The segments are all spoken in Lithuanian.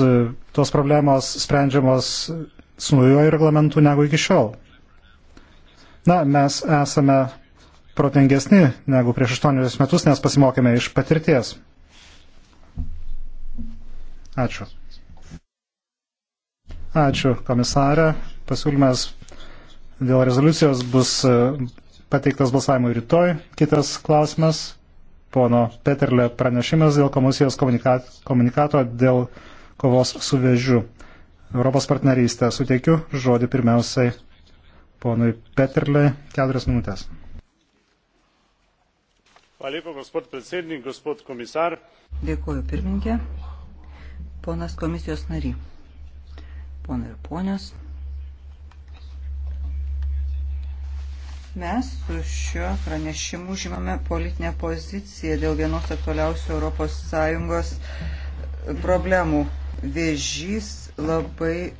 E, tos problemos sprendžiamos su naujoju reglamentu negu iki šiol. Na, mes esame protingesni negu prieš 8 metus, nes pasimokėme iš patirties. Ačiū. Ačiū, komisarė. Pasiūlymas dėl rezoliucijos bus e, pateiktas balsavimui rytoj. Kitas klausimas. Pono Peterle pranešimas dėl komisijos komunikato, komunikato dėl kovos su vėžiu. Europos partnerystę suteikiu žodį pirmiausiai ponui Petrlei keturias minutės. Dėkuoju pirmininkė, ponas komisijos nary, ponai ir ponios. Mes su šiuo pranešimu žymame politinę poziciją dėl vienos aktualiausių ES problemų vėžys labai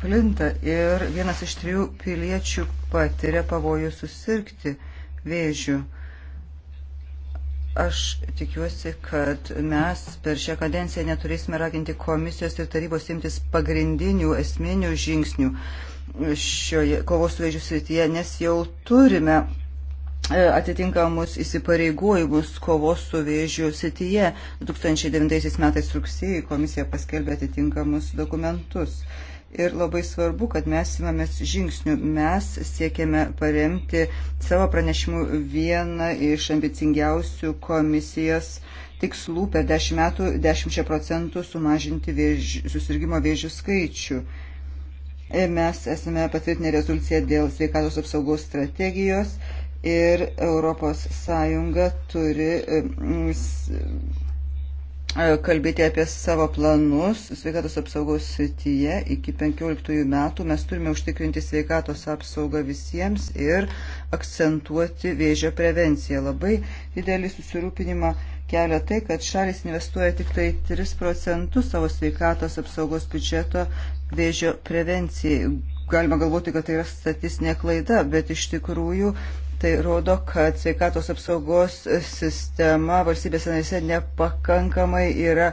plinta ir vienas iš trijų piliečių patiria pavojų susirgti vėžių. Aš tikiuosi, kad mes per šią kadenciją neturėsime raginti komisijos ir tarybos imtis pagrindinių esminių žingsnių šioje kovos su vėžių srityje, nes jau turime E, atitinkamus įsipareigojimus kovos su vėžiu sityje. 2009 metais rugsėjai komisija paskelbė atitinkamus dokumentus. Ir labai svarbu, kad mes imamės žingsnių. Mes siekiame paremti savo pranešimu vieną iš ambicingiausių komisijos tikslų per 10 metų 10 procentų sumažinti vėž, susirgymo vėžių skaičių. E, mes esame patvirtinę rezoliuciją dėl sveikatos apsaugos strategijos ir ES turi e, kalbėti apie savo planus sveikatos apsaugos srityje iki 15 metų. Mes turime užtikrinti sveikatos apsaugą visiems ir akcentuoti vėžio prevenciją. Labai didelį susirūpinimą kelia tai, kad šalis investuoja tik tai 3 procentus savo sveikatos apsaugos biudžeto vėžio prevencijai. Galima galvoti, kad tai yra statistinė klaida, bet iš tikrųjų Tai rodo, kad sveikatos apsaugos sistema valstybės narėse nepakankamai yra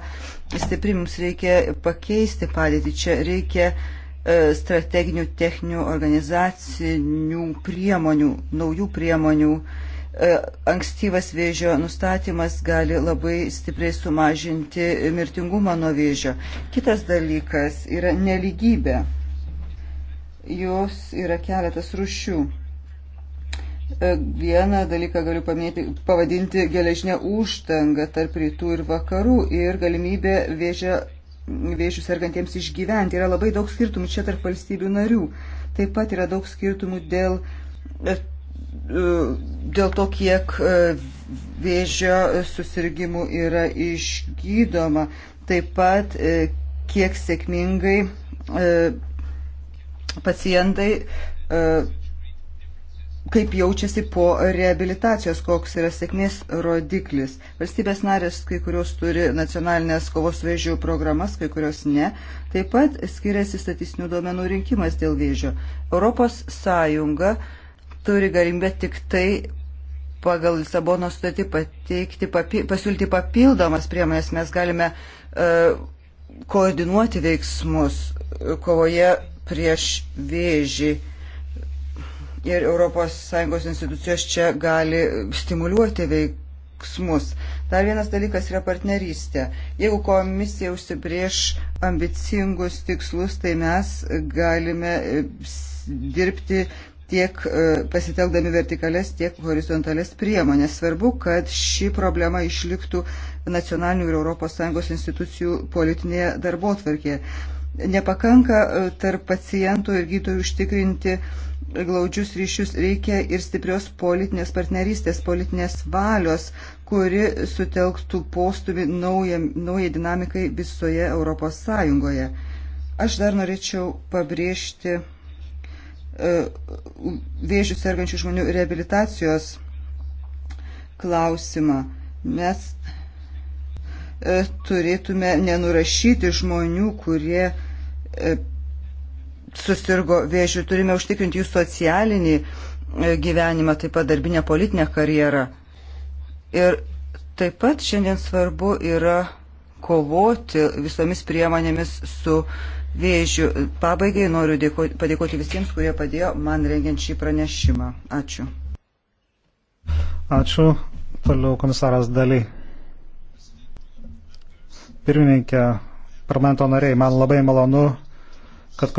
stipri. Mums reikia pakeisti padėtį. Čia reikia e, strateginių, techninių, organizacinių priemonių, naujų priemonių. E, ankstyvas vėžio nustatymas gali labai stipriai sumažinti mirtingumą nuo vėžio. Kitas dalykas yra neligybė. Jos yra keletas rušių. E, vieną dalyką galiu paminėti, pavadinti geležinę užtangą tarp rytų ir vakarų ir galimybę vėžę, vėžių sergantiems išgyventi. Yra labai daug skirtumų čia tarp valstybių narių. Taip pat yra daug skirtumų dėl, e, e, dėl to, kiek vėžio susirgymų yra išgydoma. Taip pat kiek sėkmingai pacientai kaip jaučiasi po reabilitacijos, koks yra sėkmės rodiklis. Valstybės narės, kai kurios turi nacionalinės kovos vėžių programas, kai kurios ne. Taip pat skiriasi statistinių duomenų rinkimas dėl vėžio. Europos Sąjunga turi galimybę tik tai pagal Lisabono sutartį pateikti, papi, pasiūlyti papildomas priemonės. Mes galime uh, koordinuoti veiksmus kovoje prieš vėžį. Uh, ir ES institucijos čia gali stimuliuoti veiksmus. Dar vienas dalykas yra partnerystė. Jeigu komisija užsibrieš ambicingus tikslus, tai mes galime dirbti tiek e, pasitelkdami vertikales, tiek horizontales priemonės. Svarbu, kad ši problema išliktų nacionalinių ir ES institucijų politinėje darbo tvarkėje. Nepakanka e, tarp pacientų ir gydytojų užtikrinti glaudžius ryšius, reikia ir stiprios politinės partnerystės, politinės valios, kuri sutelktų postumį naujai, naujai dinamikai visoje ES. Aš dar norėčiau pabrėžti E, vėžių sergančių žmonių reabilitacijos klausimą. Mes e, turėtume nenurašyti žmonių, kurie e, susirgo vėžių, turime užtikrinti jų socialinį gyvenimą, taip pat darbinę politinę karjerą. Ir taip pat šiandien svarbu yra kovoti visomis priemonėmis su uh, vėžių. E, pabaigai noriu dėko, padėkoti visiems, kurie padėjo man rengiant šį pranešimą. Ačiū. Ačiū. Toliau komisaras Dali. Pirmininkė, parlamento nariai, man labai malonu, kad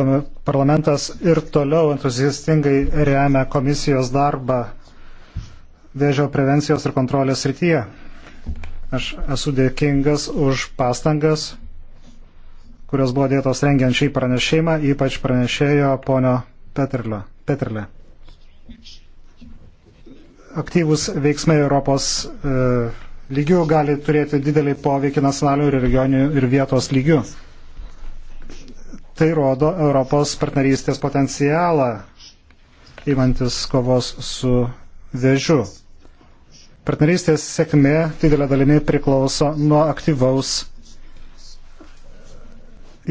parlamentas ir toliau entuziastingai remia komisijos darbą vėžio prevencijos ir kontrolės rytyje. Aš esu dėkingas už pastangas kurios buvo dėtos rengiant šį pranešimą, ypač pranešėjo ponio Peterlio. Peterlė. Aktyvus veiksmai Europos e, lygių gali turėti didelį poveikį nacionalių ir regionių ir vietos lygių. Tai rodo Europos partnerystės potencialą, įmantis kovos su vėžiu. Partnerystės sėkmė didelė dalimi priklauso nuo aktyvaus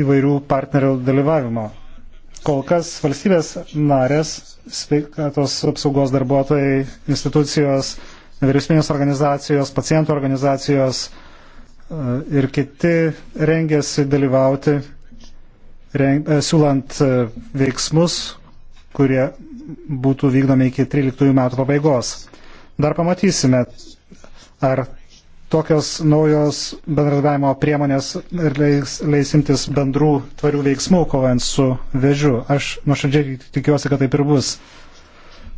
įvairių partnerių dalyvavimo. Kol kas valstybės narės, sveikatos apsaugos darbuotojai, institucijos, nevyriausybinės organizacijos, pacientų organizacijos e, ir kiti rengėsi dalyvauti, reng, e, siūlant e, veiksmus, kurie būtų vykdomi iki 13 metų pabaigos. Dar pamatysime, ar tokios naujos bendradarbiavimo priemonės ir leis, leisimtis bendrų tvarių veiksmų kovant su vežiu. Aš nuoširdžiai tikiuosi, kad taip ir bus.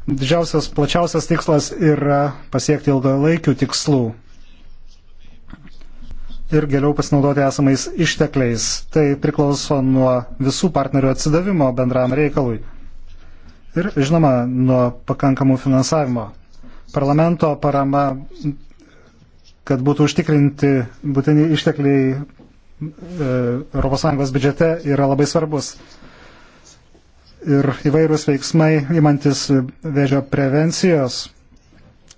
Didžiausias, plačiausias tikslas yra pasiekti ilgalaikių tikslų ir geriau pasinaudoti esamais ištekliais. Tai priklauso nuo visų partnerių atsidavimo bendram reikalui. Ir, žinoma, nuo pakankamų finansavimo. Parlamento parama kad būtų užtikrinti būtini ištekliai e, ES biudžete yra labai svarbus. Ir įvairūs veiksmai įmantis vėžio prevencijos,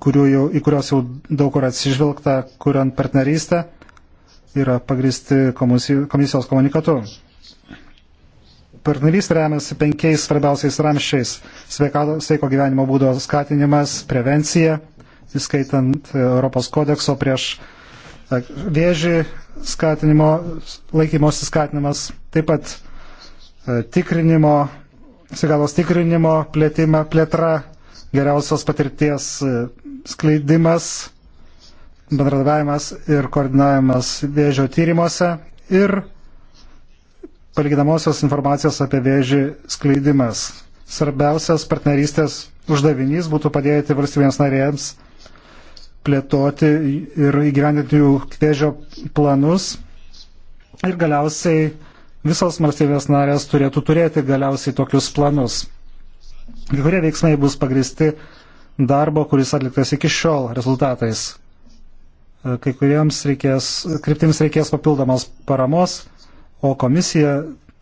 jau, į kurios jau daug kur atsižvelgta, kuriant partnerystę, yra pagristi komisijos komunikatu. Partnerystė remiasi penkiais svarbiausiais ramščiais - sveiko gyvenimo būdo skatinimas, prevencija įskaitant Europos kodekso prieš e, vėžį skatinimo, laikymosi skatinimas, taip pat e, tikrinimo, sveikatos tikrinimo plėtima, plėtra, geriausios patirties e, skleidimas, bendradavimas ir koordinavimas vėžio tyrimuose ir palyginamosios informacijos apie vėžį skleidimas. Svarbiausias partnerystės uždavinys būtų padėti valstybėms narėms plėtoti ir įgyvendinti jų vėžio planus. Ir galiausiai visos valstybės narės turėtų turėti galiausiai tokius planus. Kai kurie veiksmai bus pagristi darbo, kuris atliktas iki šiol rezultatais. Kai kuriems reikės, kryptims reikės papildomos paramos, o komisija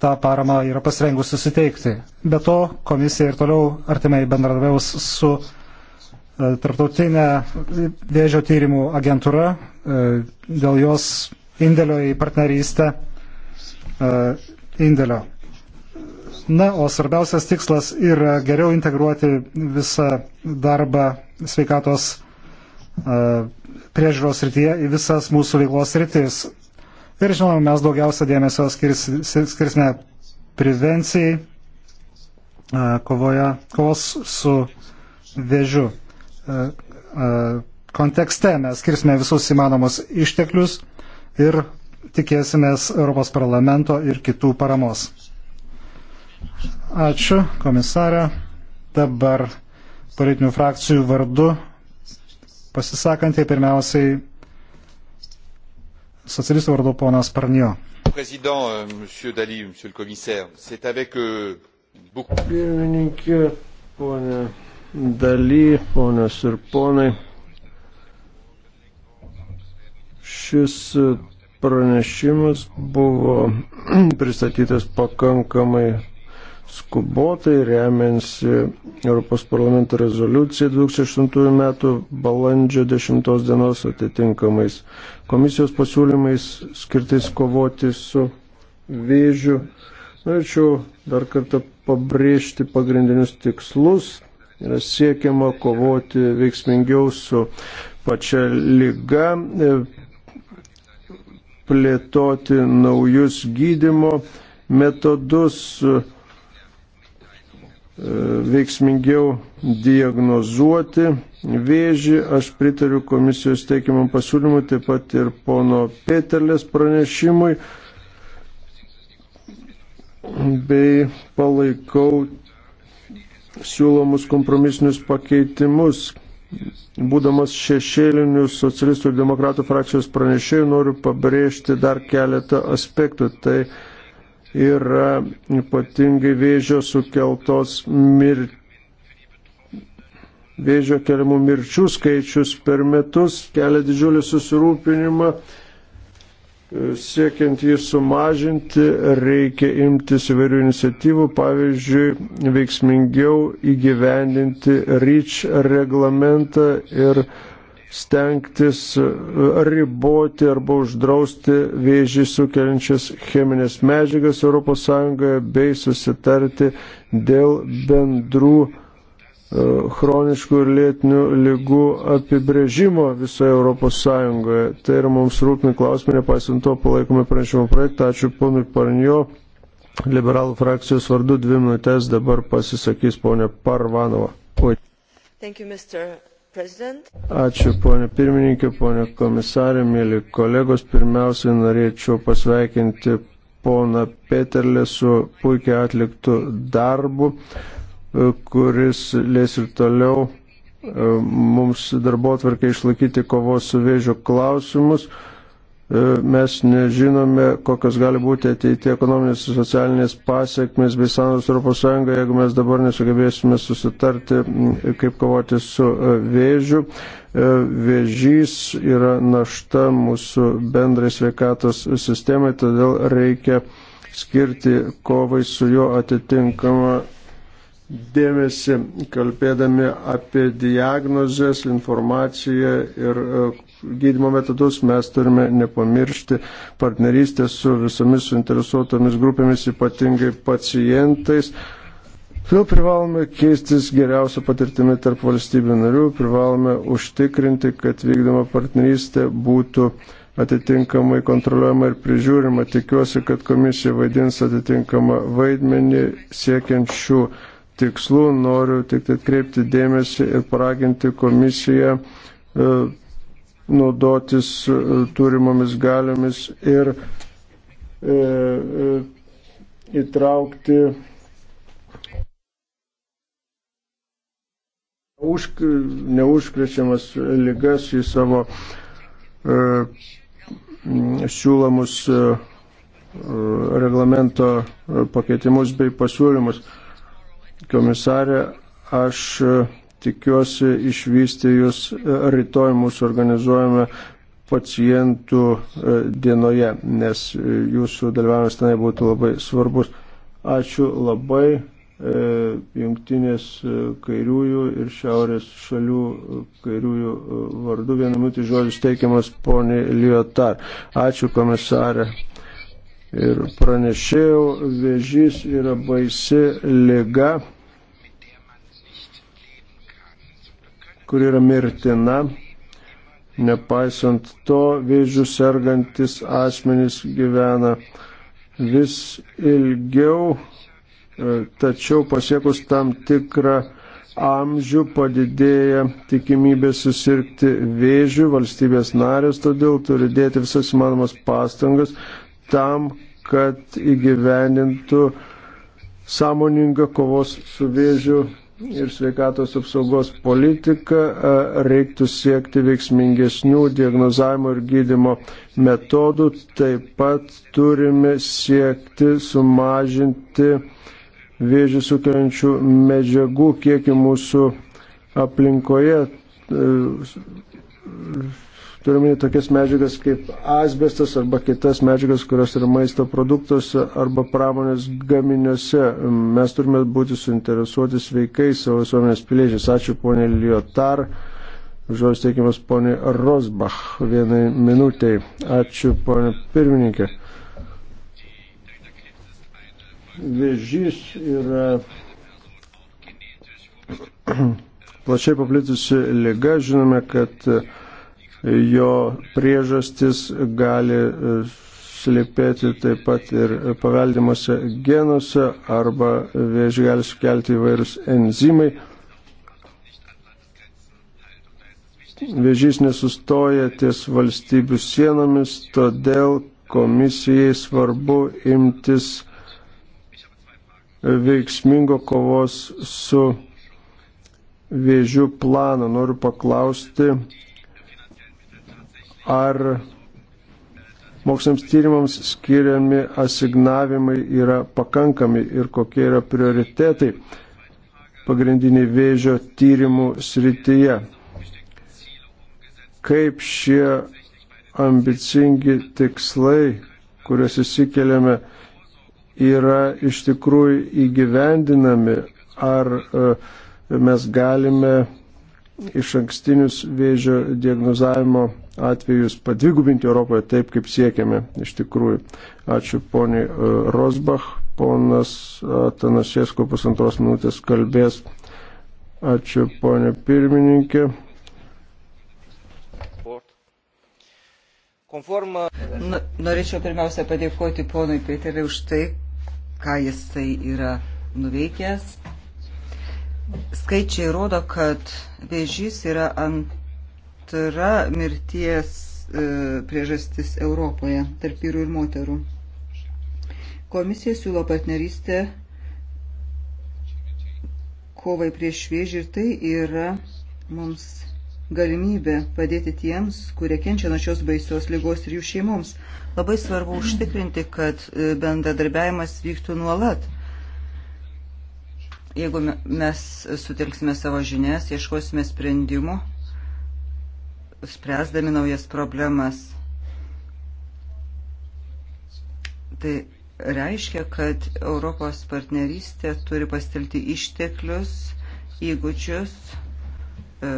tą paramą yra pasirengusi suteikti. Be to, komisija ir toliau artimai bendradaviaus su E, tarptautinė vėžio tyrimų agentūra e, dėl jos indėlio į partnerystę e, indėlio. Na, o svarbiausias tikslas yra geriau integruoti visą darbą sveikatos priežiūros rytyje į visas mūsų veiklos rytis. Ir žinoma, mes daugiausia dėmesio skirs, skirsime prevencijai kovoja, kovos su vėžiu. E, e, kontekste mes skirsime visus įmanomus išteklius ir tikėsimės Europos parlamento ir kitų paramos. Ačiū, komisarė. Dabar politinių frakcijų vardu pasisakantie pirmiausiai socialistų vardu ponas Parnio. Euh, euh, Pirmininkė, ponė daly, ponios ir ponai. Šis pranešimas buvo pristatytas pakankamai skubotai, remiansi Europos parlamento rezoliuciją 2008 metų balandžio 10 dienos atitinkamais komisijos pasiūlymais skirtais kovoti su vėžiu. Norėčiau dar kartą pabrėžti pagrindinius tikslus yra siekiama kovoti veiksmingiau su pačia lyga, e, plėtoti naujus gydimo metodus, e, veiksmingiau diagnozuoti vėžį. Aš pritariu komisijos teikiamam pasiūlymui, taip pat ir pono Petelės pranešimui bei palaikau siūlomus kompromisinius pakeitimus. Būdamas šešėlinių socialistų ir demokratų frakcijos pranešėjų noriu pabrėžti dar keletą aspektų. Tai yra ypatingai vėžio sukeltos mirtis vėžio keliamų mirčių skaičius per metus kelia didžiulį susirūpinimą Siekiant jį sumažinti, reikia imtis įvairių iniciatyvų, pavyzdžiui, veiksmingiau įgyvendinti ryč reglamentą ir stengtis riboti arba uždrausti vėžį sukeliančias cheminės medžiagas ES bei susitarti dėl bendrų E, chroniškų ir lėtinių lygų apibrėžimo visoje Europos Sąjungoje. Tai yra mums rūpni klausimai, nepaisant to palaikome pranešimo projektą. Ačiū ponui Parnio. Liberalų frakcijos vardu dvi minutės dabar pasisakys ponė Parvanova. Oi. Thank you, Mr. President. Ačiū ponė pirmininkė, ponė komisarė, mėly kolegos. Pirmiausiai norėčiau pasveikinti poną Peterlį su puikiai atliktu darbu E, kuris lės ir toliau e, mums darbo atvarkė išlaikyti kovos su vėžio klausimus. E, mes nežinome, kokios gali būti ateitie ekonominės ir socialinės pasiekmes bei sąnaudos Europos Sąjungoje, jeigu mes dabar nesugebėsime susitarti, kaip kovoti su vėžiu. Vėžys yra našta mūsų bendrai sveikatos sistemai, todėl reikia skirti kovai su juo atitinkamą dėmesį, kalbėdami apie diagnozes, informaciją ir e, gydimo metodus, mes turime nepamiršti partnerystės su visomis suinteresuotomis grupėmis, ypatingai pacientais. Todėl privalome keistis geriausią patirtimį tarp valstybių narių, privalome užtikrinti, kad vykdoma partnerystė būtų atitinkamai kontroliuojama ir prižiūrima. Tikiuosi, kad komisija vaidins atitinkamą vaidmenį siekiant šių tikslų, noriu tik tai atkreipti dėmesį ir paraginti komisiją e, naudotis e, turimomis galiomis ir e, įtraukti Užk, neužkrečiamas lygas į savo e, siūlomus e, reglamento pakeitimus bei pasiūlymus. E, Komisarė, aš e, tikiuosi išvysti jūs e, rytoj mūsų organizuojame pacientų e, dienoje, nes jūsų dalyvavimas tenai būtų labai svarbus. Ačiū labai jungtinės kairiųjų ir šiaurės šalių kairiųjų vardu. Vienu minutį žodis teikiamas poniai Liotar. Ačiū komisarė ir pranešėjau, vėžys yra baisi lyga, kuri yra mirtina. Nepaisant to, vėžių sergantis asmenys gyvena vis ilgiau, e, tačiau pasiekus tam tikrą amžių padidėja tikimybė susirgti vėžių, valstybės narės todėl turi dėti visas įmanomas pastangas, tam, kad įgyvenintų sąmoningą kovos su vėžiu ir sveikatos apsaugos politiką, reiktų siekti veiksmingesnių diagnozavimo ir gydimo metodų. Taip pat turime siekti sumažinti vėžių sukeliančių medžiagų kiekį mūsų aplinkoje turime tokias medžiagas kaip asbestas arba kitas medžiagas, kurios yra maisto produktuose arba pramonės gaminiuose. Mes turime būti suinteresuoti sveikais savo visuomenės piliečiais. Ačiū ponė Liotar. Žodis teikiamas ponė Rosbach. Vienai minutiai. Ačiū ponė pirmininkė. Vėžys yra plačiai paplitusi lyga. Žinome, kad jo priežastis gali e, slėpėti taip pat ir paveldimuose genuose arba vėžį gali sukelti įvairūs enzimai. Vėžys nesustoja ties valstybių sienomis, todėl komisijai svarbu imtis veiksmingo kovos su vėžiu plano. Noriu paklausti, ar moksliniams tyrimams skiriami asignavimai yra pakankami ir kokie yra prioritetai pagrindiniai vėžio tyrimų srityje. Kaip šie ambicingi tikslai, kuriuos įsikeliame, yra iš tikrųjų įgyvendinami, ar e, mes galime iš ankstinius vėžio diagnozavimo atvejus padvigubinti Europoje taip, kaip siekiame iš tikrųjų. Ačiū poniai e, Rosbach, ponas Tanasiesko pusantros minutės kalbės. Ačiū ponė pirmininkė. Na, norėčiau pirmiausia padėkoti ponui Peteriui už tai, ką jisai yra nuveikęs Skaičiai rodo, kad vėžys yra antra mirties e, priežastis Europoje tarp vyrų ir moterų. Komisija siūlo partnerystę kovai prieš vėžį ir tai yra mums galimybė padėti tiems, kurie kenčia nuo šios baisios lygos ir jų šeimoms. Labai svarbu užtikrinti, kad e, bendradarbiavimas vyktų nuolat Jeigu mes sutelksime savo žinias, ieškosime sprendimų, spręsdami naujas problemas, tai reiškia, kad Europos partnerystė turi pastelti išteklius, įgūdžius e,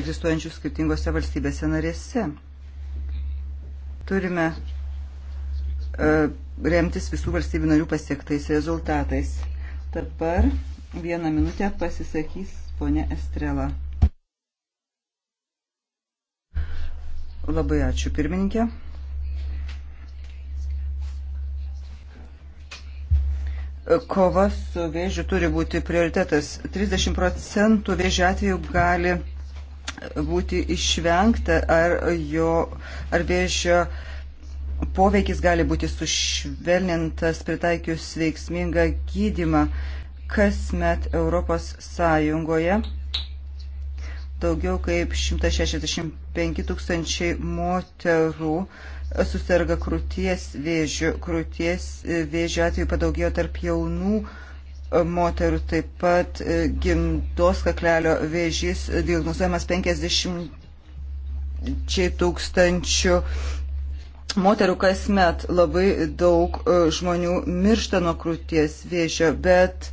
egzistuojančius skirtingose valstybėse narėse. Turime e, remtis visų valstybių narių pasiektais rezultatais. Dabar vieną minutę pasisakys ponė Estrela. Labai ačiū pirmininkė. Kova su vėžiu turi būti prioritetas. 30 procentų vėžio atveju gali būti išvengta ar, jo, ar vėžio uh, poveikis gali būti sušvelnintas pritaikius veiksmingą gydimą. Kasmet Europos Sąjungoje daugiau kaip 165 tūkstančiai moterų susirga krūties vėžių. Krūties e, vėžių atveju padaugėjo tarp jaunų e, moterų, taip pat e, gimdos kaklelio vėžys diagnozuojamas 50 tūkstančių moterų kasmet labai daug e, žmonių miršta nuo krūties vėžio, bet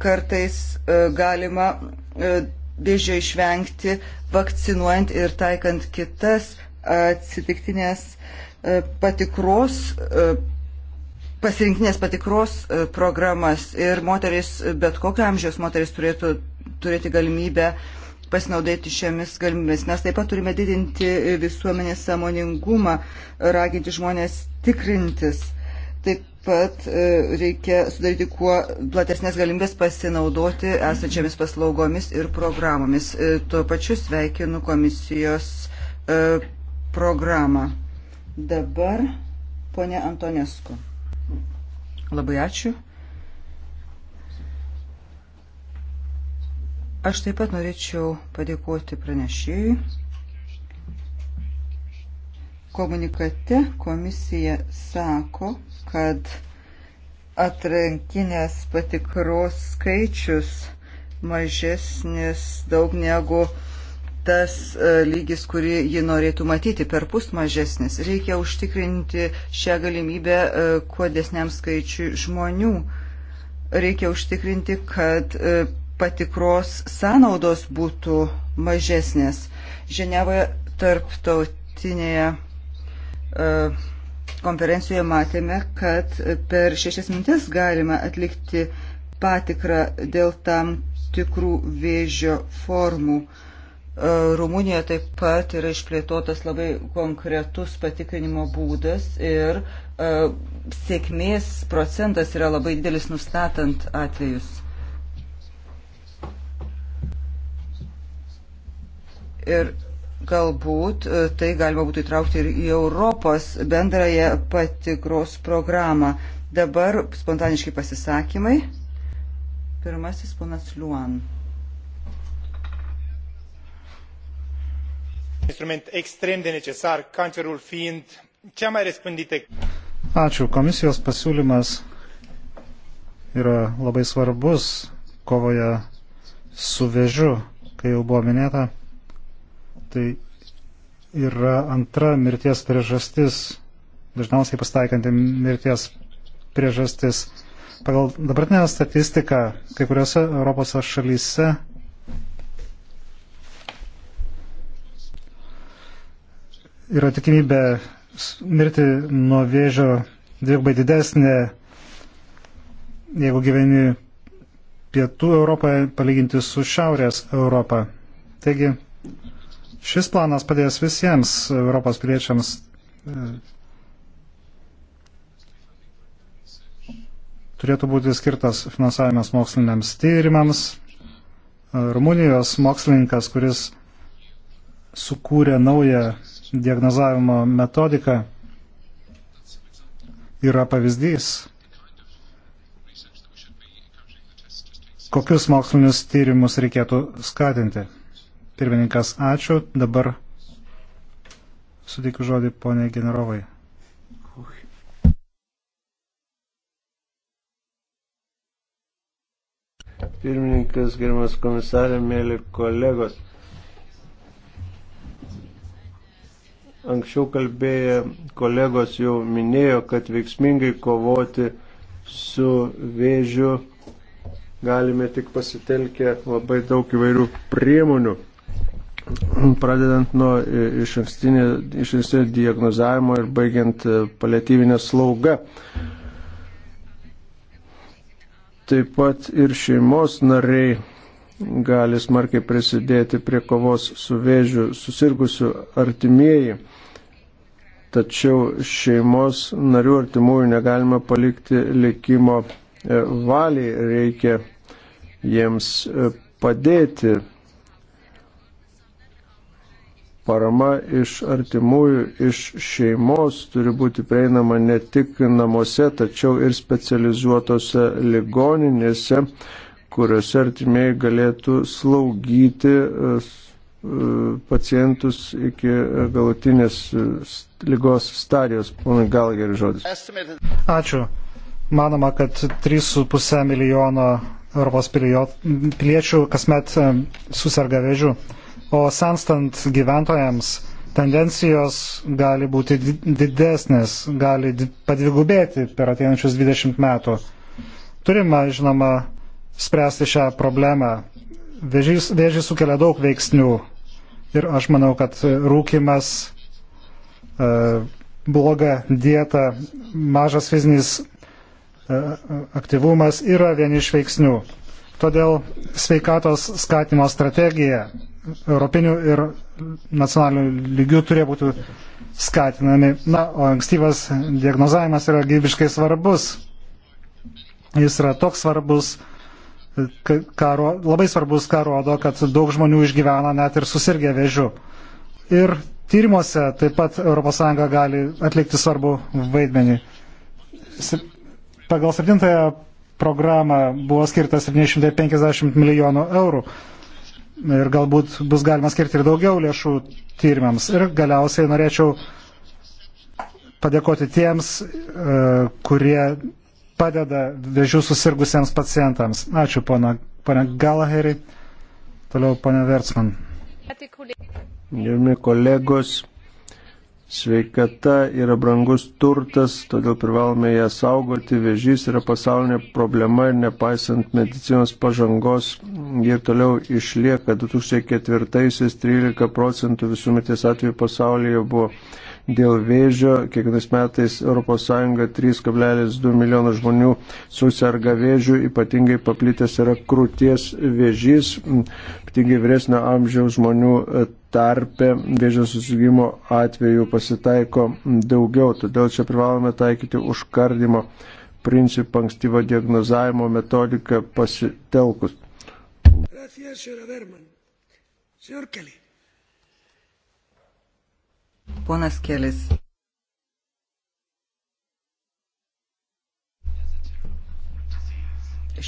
kartais e, galima e, vėžio išvengti vakcinuojant ir taikant kitas atsitiktinės patikros pasirinktinės patikros programas ir moteris, bet kokio amžiaus moteris turėtų turėti galimybę uh, pasinaudoti šiomis galimybėmis. Mes taip pat turime didinti visuomenės sąmoningumą, raginti žmonės tikrintis. Taip pat e, reikia sudaryti kuo platesnės galimybės pasinaudoti esančiamis paslaugomis ir programomis. E, tuo pačiu sveikinu komisijos e, programą. Dabar ponė Antonesku. Labai ačiū. Aš taip pat norėčiau padėkoti pranešėjui. Komunikate komisija sako, kad atrankinės patikros skaičius mažesnis daug negu tas e, lygis, kurį ji norėtų matyti, per pus mažesnis. Reikia užtikrinti šią galimybę e, kuo desniam skaičiui žmonių. Reikia užtikrinti, kad e, patikros sąnaudos būtų mažesnės. Ženevoje tarptautinėje e, konferencijoje matėme, kad per šešias mintis galima atlikti patikrą dėl tam tikrų vėžio formų. E, Rumunijoje taip pat yra išplėtotas labai konkretus patikrinimo būdas ir e, sėkmės procentas yra labai didelis nustatant atvejus. Ir galbūt e, tai galima būtų įtraukti ir į Europos bendrąją patikros programą. Dabar spontaniški pasisakymai. Pirmasis ponas Liuan. Instrument extrem de necesar, cancerul fiind cea mai răspândită. Ačiū. Komisijos pasiūlymas yra labai svarbus kovoje su vėžiu, kai jau buvo minėta tai yra antra mirties priežastis, dažniausiai pastaikanti mirties priežastis. Pagal dabartinę statistiką, kai kuriuose Europos šalyse yra tikimybė mirti nuo vėžio dvigubai didesnė, jeigu gyveni pietų Europoje palyginti su šiaurės Europą. Taigi, Šis planas padės visiems Europos piliečiams e, turėtų būti skirtas finansavimas moksliniams tyrimams. E, Rumunijos mokslininkas, kuris sukūrė naują diagnozavimo metodiką, yra pavyzdys, kokius mokslinius tyrimus reikėtų skatinti. Pirmininkas, ačiū. Dabar suteikiu žodį ponė generovai. Pirmininkas, gerimas komisarė, mėly kolegos. Anksčiau kalbėję kolegos jau minėjo, kad veiksmingai kovoti su vėžiu galime tik pasitelkę labai daug įvairių priemonių pradedant nuo e, iš ankstinio diagnozavimo ir baigiant e, paliatyvinę slaugą. Taip pat ir šeimos nariai gali smarkiai prisidėti prie kovos su vėžiu susirgusių artimieji. Tačiau šeimos narių artimųjų negalima palikti likimo e, valiai, reikia jiems padėti Parama iš artimųjų, iš šeimos turi būti prieinama ne tik namuose, tačiau ir specializuotose ligoninėse, kuriuose artimieji galėtų slaugyti e, pacientus iki galutinės e, lygos stadijos. Ponai Galgeris žodis. Ačiū. Manoma, kad 3,5 milijono Europos piliečių kasmet e, susirga vėžių o senstant gyventojams tendencijos gali būti didesnės, gali padvigubėti per ateinančius 20 metų. Turime, žinoma, spręsti šią problemą. Vėžys, vėžys sukelia daug veiksnių ir aš manau, kad rūkimas, e, bloga dieta, mažas fizinis e, aktyvumas yra vieni iš veiksnių. Todėl sveikatos skatimo strategija europinių ir nacionalinių lygių turėjo būti skatinami. Na, o ankstyvas diagnozavimas yra gyvybiškai svarbus. Jis yra toks svarbus, karo, labai svarbus, ką rodo, kad daug žmonių išgyvena net ir susirgę vėžiu. Ir tyrimuose taip pat ES gali atlikti svarbu vaidmenį. Pagal septintąją programą buvo skirtas 750 milijonų eurų ir galbūt bus galima skirti ir daugiau lėšų tyrimams. Ir galiausiai norėčiau padėkoti tiems, e, kurie padeda vėžių susirgusiems pacientams. Ačiū, pana, pana Galaheri. Toliau, pana Vertsman. Gerbiami kolegos, Sveikata yra brangus turtas, todėl privalome ją saugoti. Vėžys yra pasaulinė problema ir nepaisant medicinos pažangos, ji toliau išlieka. 2004-2013 procentų visų mirties atvejų pasaulyje buvo dėl vėžio. Kiekvienais metais ES 3,2 milijono žmonių susirga vėžių, ypatingai paplitęs yra krūties vėžys, ypatingai vyresnio amžiaus žmonių tarpe vėžio susirgymo atveju pasitaiko daugiau, todėl čia privalome taikyti užkardimo principą ankstyvo diagnozavimo metodiką pasitelkus. Ponas Kelis.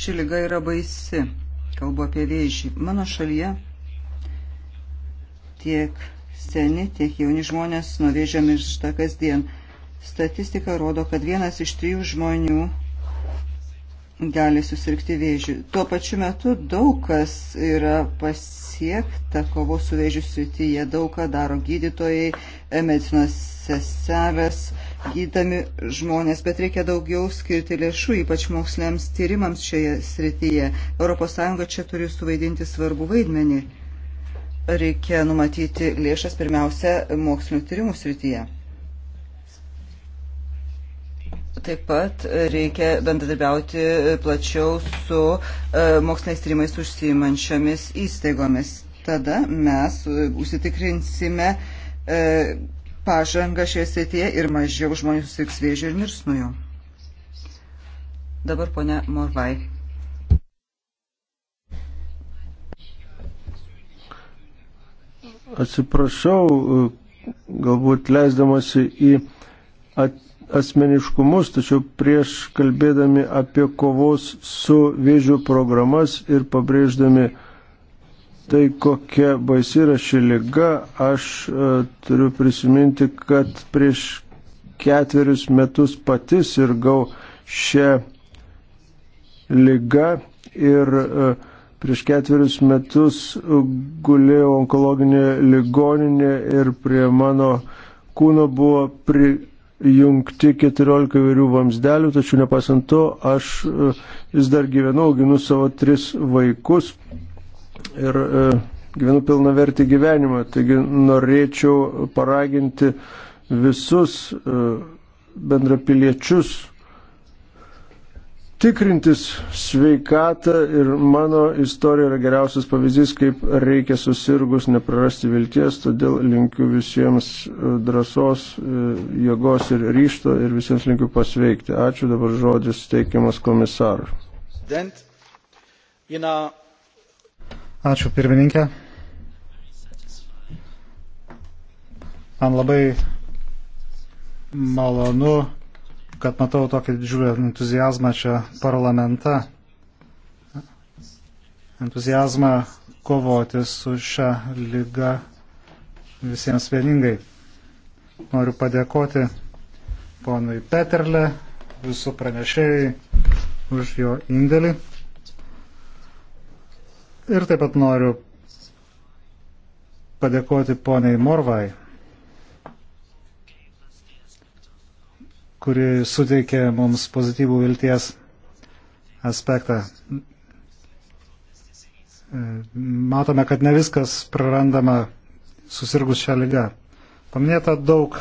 Ši lyga yra baisi. Kalbu apie vėžį. Mano šalyje Tiek seni, tiek jauni žmonės nuo vėžio miršta kasdien. Statistika rodo, kad vienas iš trijų žmonių gali susirgti vėžių. Tuo pačiu metu daug kas yra pasiekta kovos su vėžių srityje, daug ką daro gydytojai, e, medicinos seselės, gydami žmonės, bet reikia daugiau skirti lėšų, ypač moksliams tyrimams šioje srityje. ES čia turi suvaidinti svarbų vaidmenį reikia numatyti lėšas pirmiausia mokslinio tyrimų srityje. Taip pat reikia bendradarbiauti plačiau su e, moksliniais tyrimais užsiimančiomis įstaigomis. Tada mes e, užsitikrinsime e, pažangą šioje srityje ir mažiau žmonių susirgs vėžių ir mirs nuo jo. Dabar ponia Morvai. Atsiprašau, galbūt leisdamasi į asmeniškumus, tačiau prieš kalbėdami apie kovos su vėžių programas ir pabrėždami tai, kokia baisi yra ši lyga, aš e, turiu prisiminti, kad prieš ketverius metus patys ir gau šią lygą ir e, Prieš ketverius metus gulėjau onkologinė ligoninė ir prie mano kūno buvo prijungti 14 vairių vamzdelių, tačiau nepasant to aš e, vis dar gyvenau, ginu savo tris vaikus ir e, gyvenu pilna verti gyvenimą. Taigi norėčiau paraginti visus e, bendrapiliečius tikrintis sveikatą ir mano istorija yra geriausias pavyzdys, kaip reikia susirgus neprarasti vilties, todėl linkiu visiems e, drąsos, e, jėgos ir ryšto ir visiems linkiu pasveikti. Ačiū dabar žodis teikiamas komisarui. Ačiū pirmininkė. Man labai malonu kad matau tokį didžiulį entuzijazmą čia parlamente. Entuzijazmą kovoti su šią lygą visiems vieningai. Noriu padėkoti ponui Peterle, visų pranešėjai už jo indėlį. Ir taip pat noriu padėkoti poniai Morvai. kuri suteikė mums pozityvų vilties aspektą. Matome, kad ne viskas prarandama susirgus šią lygą. Paminėta daug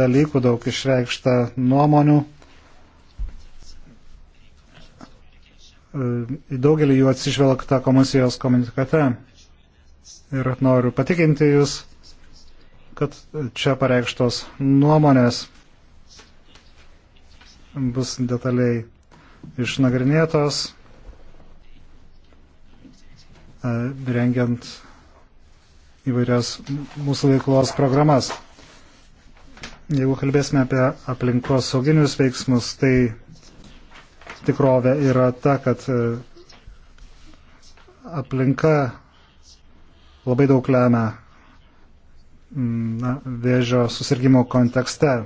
dalykų, daug išreikšta nuomonių. Į daugelį jų atsižvelgta komisijos komunikate. Ir noriu patikinti Jūs, kad čia pareikštos nuomonės bus detaliai išnagrinėtos, e, rengiant įvairias mūsų veiklos programas. Jeigu kalbėsime apie aplinkos sauginius veiksmus, tai tikrovė yra ta, kad e, aplinka labai daug lemia mm, na, vėžio susirgymo kontekste.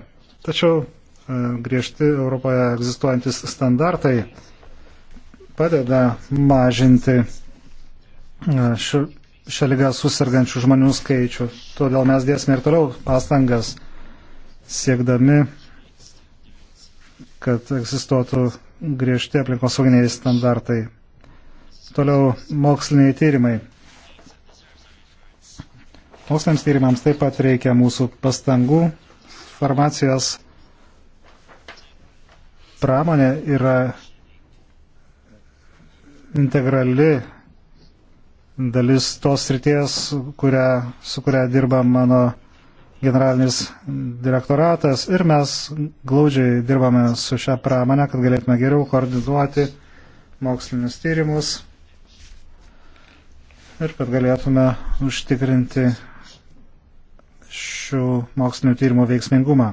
Tačiau E, griežti Europoje egzistuojantis standartai padeda mažinti e, šią lygą susirgančių žmonių skaičių. Todėl mes dėsime ir toliau pastangas siekdami, kad egzistuotų griežti aplinkosauginiai standartai. Toliau moksliniai tyrimai. Moksliniams tyrimams taip pat reikia mūsų pastangų. Farmacijos pramonė yra integrali dalis tos ryties, kuria, su kuria dirba mano generalinis direktoratas ir mes glaudžiai dirbame su šią pramonę, kad galėtume geriau koordinuoti mokslinius tyrimus ir kad galėtume užtikrinti šių mokslinių tyrimų veiksmingumą.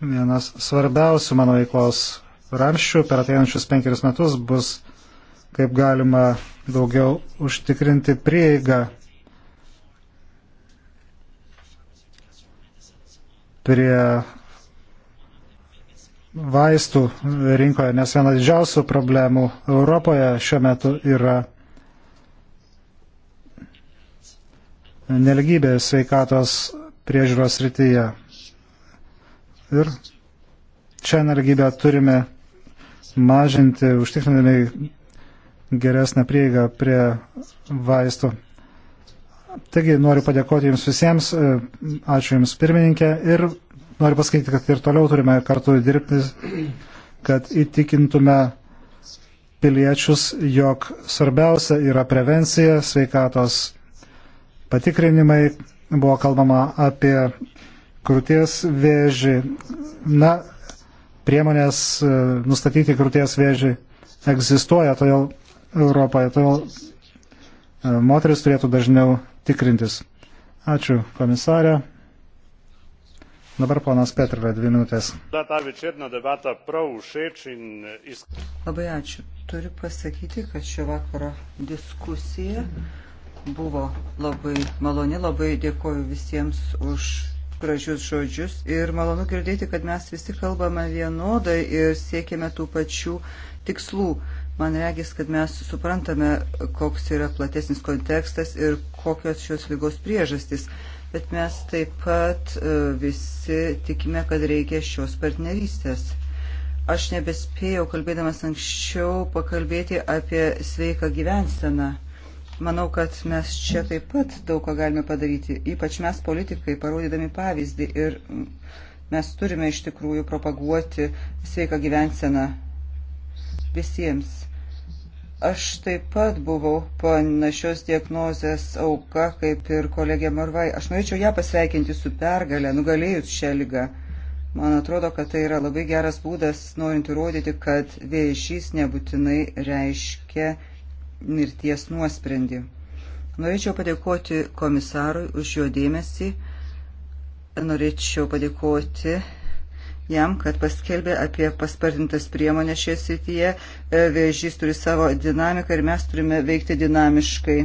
Vienas svarbiausių mano veiklos ramščių per ateinančius penkerius metus bus, kaip galima daugiau užtikrinti prieigą prie vaistų rinkoje, nes viena didžiausių problemų Europoje šiuo metu yra neligybė sveikatos priežiūros rytyje. Ir šią energiją turime mažinti, užtikrinami geresnę prieigą prie vaistų. Taigi noriu padėkoti Jums visiems, ačiū Jums pirmininkė ir noriu pasakyti, kad ir toliau turime kartu dirbti, kad įtikintume piliečius, jog svarbiausia yra prevencija, sveikatos patikrinimai. Buvo kalbama apie krūties vėžį. Na, priemonės e, nustatyti krūties vėžį egzistuoja, todėl Europoje, todėl e, moteris turėtų dažniau tikrintis. Ačiū komisarė. Dabar ponas Petrė, dvi minutės. Labai ačiū. Turiu pasakyti, kad šio vakaro diskusija buvo labai maloni, labai dėkoju visiems už gražius žodžius ir malonu girdėti, kad mes visi kalbame vienodai ir siekiame tų pačių tikslų. Man regis, kad mes suprantame, koks yra platesnis kontekstas ir kokios šios lygos priežastys. Bet mes taip pat e, visi tikime, kad reikia šios partnerystės. Aš nebespėjau, kalbėdamas anksčiau, pakalbėti apie sveiką gyvenseną Manau, kad mes čia taip pat daug ką galime padaryti, ypač mes politikai, parodydami pavyzdį ir mm, mes turime iš tikrųjų propaguoti sveiką gyvenseną visiems. Aš taip pat buvau panašios diagnozės auka, kaip ir kolegė Marvai. Aš norėčiau ją pasveikinti su pergalė, nugalėjus šią lygą. Man atrodo, kad tai yra labai geras būdas, norint įrodyti, kad vėžys nebūtinai reiškia mirties nuosprendį. Norėčiau padėkoti komisarui už jo dėmesį. Norėčiau padėkoti jam, kad paskelbė apie paspartintas priemonės šioje srityje. E, Vėžys turi savo dinamiką ir mes turime veikti dinamiškai.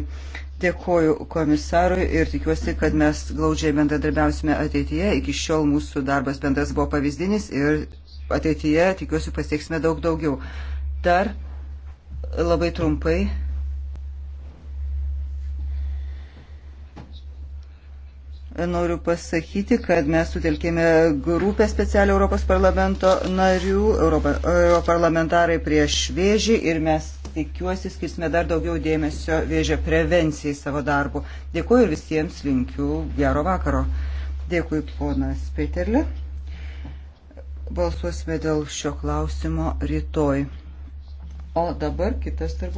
Dėkoju komisarui ir tikiuosi, kad mes glaudžiai bendradarbiausime ateityje. Iki šiol mūsų darbas bendras buvo pavyzdinis ir ateityje tikiuosi pasieksime daug daugiau. Dar labai trumpai noriu pasakyti, kad mes sutelkėme grupę specialią Europos parlamento narių, europarlamentarai prieš vėžį ir mes tikiuosi skirsime dar daugiau dėmesio vėžio prevencijai savo darbu. Dėkuoju ir visiems linkiu gero vakaro. Dėkui, ponas Peterli. Balsuosime dėl šio klausimo rytoj. O dabar kitas tarp.